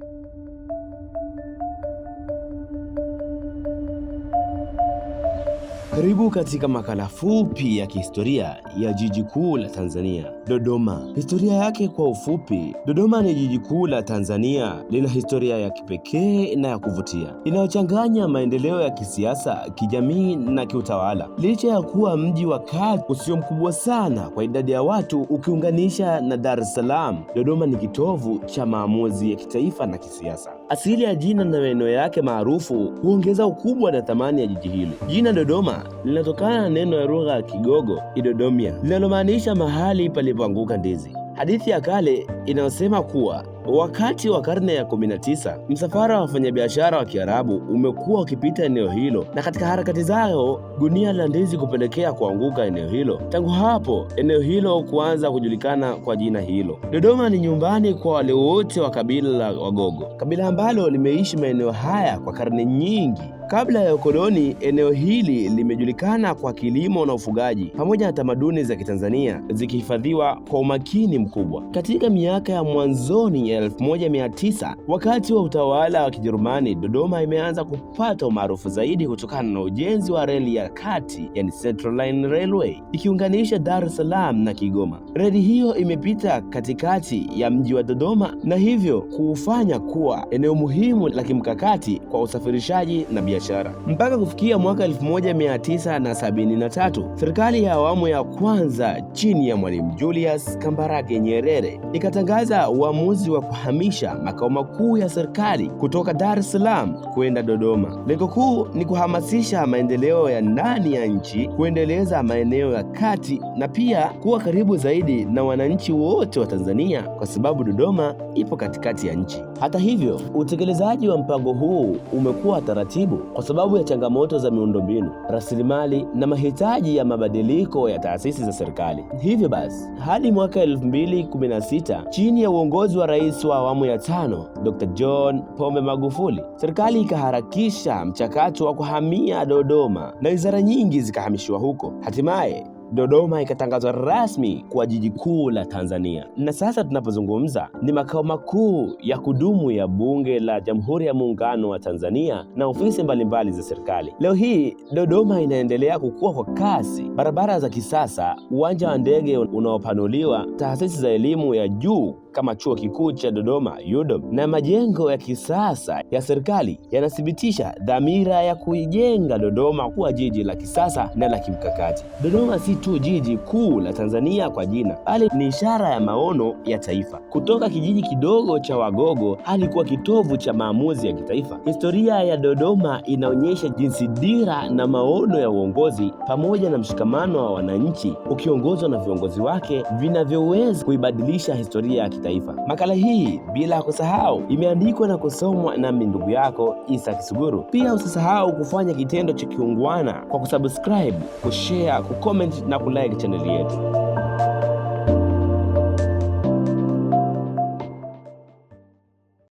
Thank you. Karibu katika makala fupi ya kihistoria ya jiji kuu la Tanzania, Dodoma. Historia yake kwa ufupi: Dodoma ni jiji kuu la Tanzania, lina historia ya kipekee na ya kuvutia inayochanganya maendeleo ya kisiasa, kijamii na kiutawala. Licha ya kuwa mji wa kati usio mkubwa sana kwa idadi ya watu ukiunganisha na Dar es Salaam, Dodoma ni kitovu cha maamuzi ya kitaifa na kisiasa. Asili ya jina na maeneo yake maarufu huongeza ukubwa na thamani ya jiji hili. Jina Dodoma linatokana na neno ya lugha ya Kigogo, Idodomia, linalomaanisha mahali palipoanguka ndizi. Hadithi ya kale inayosema kuwa Wakati wa karne ya 19, msafara wa wafanyabiashara wa Kiarabu umekuwa ukipita eneo hilo, na katika harakati zao gunia la ndizi kupelekea kuanguka eneo hilo. Tangu hapo eneo hilo kuanza kujulikana kwa jina hilo. Dodoma ni nyumbani kwa wale wote wa kabila la Wagogo, kabila ambalo limeishi maeneo haya kwa karne nyingi. Kabla ya ukoloni, eneo hili limejulikana kwa kilimo na ufugaji pamoja na tamaduni za Kitanzania zikihifadhiwa kwa umakini mkubwa. Katika miaka ya mwanzoni ya 1900 wakati wa utawala wa Kijerumani, Dodoma imeanza kupata umaarufu zaidi kutokana na ujenzi wa reli ya kati, yani Central Line Railway, ikiunganisha Dar es Salaam na Kigoma. Reli hiyo imepita katikati ya mji wa Dodoma na hivyo kuufanya kuwa eneo muhimu la kimkakati kwa usafirishaji na biashara biashara. Mpaka kufikia mwaka 1973 serikali ya awamu ya kwanza chini ya Mwalimu Julius Kambarage Nyerere ikatangaza uamuzi wa kuhamisha makao makuu ya serikali kutoka Dar es Salaam kwenda Dodoma. Lengo kuu ni kuhamasisha maendeleo ya ndani ya nchi, kuendeleza maeneo ya kati na pia kuwa karibu zaidi na wananchi wote wa Tanzania kwa sababu Dodoma ipo katikati ya nchi. Hata hivyo, utekelezaji wa mpango huu umekuwa taratibu kwa sababu ya changamoto za miundombinu, rasilimali na mahitaji ya mabadiliko ya taasisi za serikali. Hivyo basi, hadi mwaka 2016 chini ya uongozi wa rais wa awamu ya tano Dr. John Pombe Magufuli, serikali ikaharakisha mchakato wa kuhamia Dodoma na wizara nyingi zikahamishiwa huko. Hatimaye Dodoma ikatangazwa rasmi kuwa jiji kuu la Tanzania, na sasa tunapozungumza ni makao makuu ya kudumu ya Bunge la Jamhuri ya Muungano wa Tanzania na ofisi mbalimbali za serikali. Leo hii Dodoma inaendelea kukua kwa kasi, barabara za kisasa, uwanja wa ndege unaopanuliwa, taasisi za elimu ya juu kama Chuo Kikuu cha Dodoma UDOM na majengo ya kisasa ya serikali yanathibitisha dhamira ya kuijenga Dodoma kuwa jiji la kisasa na la kimkakati. Dodoma si tu jiji kuu la Tanzania kwa jina, bali ni ishara ya maono ya taifa. Kutoka kijiji kidogo cha Wagogo hadi kuwa kitovu cha maamuzi ya kitaifa, historia ya Dodoma inaonyesha jinsi dira na maono ya uongozi pamoja na mshikamano wa wananchi ukiongozwa na viongozi wake vinavyoweza kuibadilisha historia ya kitaifa. Makala hii bila kusahau imeandikwa na kusomwa na ndugu yako Isa Kisuguru. Pia usisahau kufanya kitendo cha kiungwana kwa kusubscribe, kushare, kucomment na kulike chaneli yetu.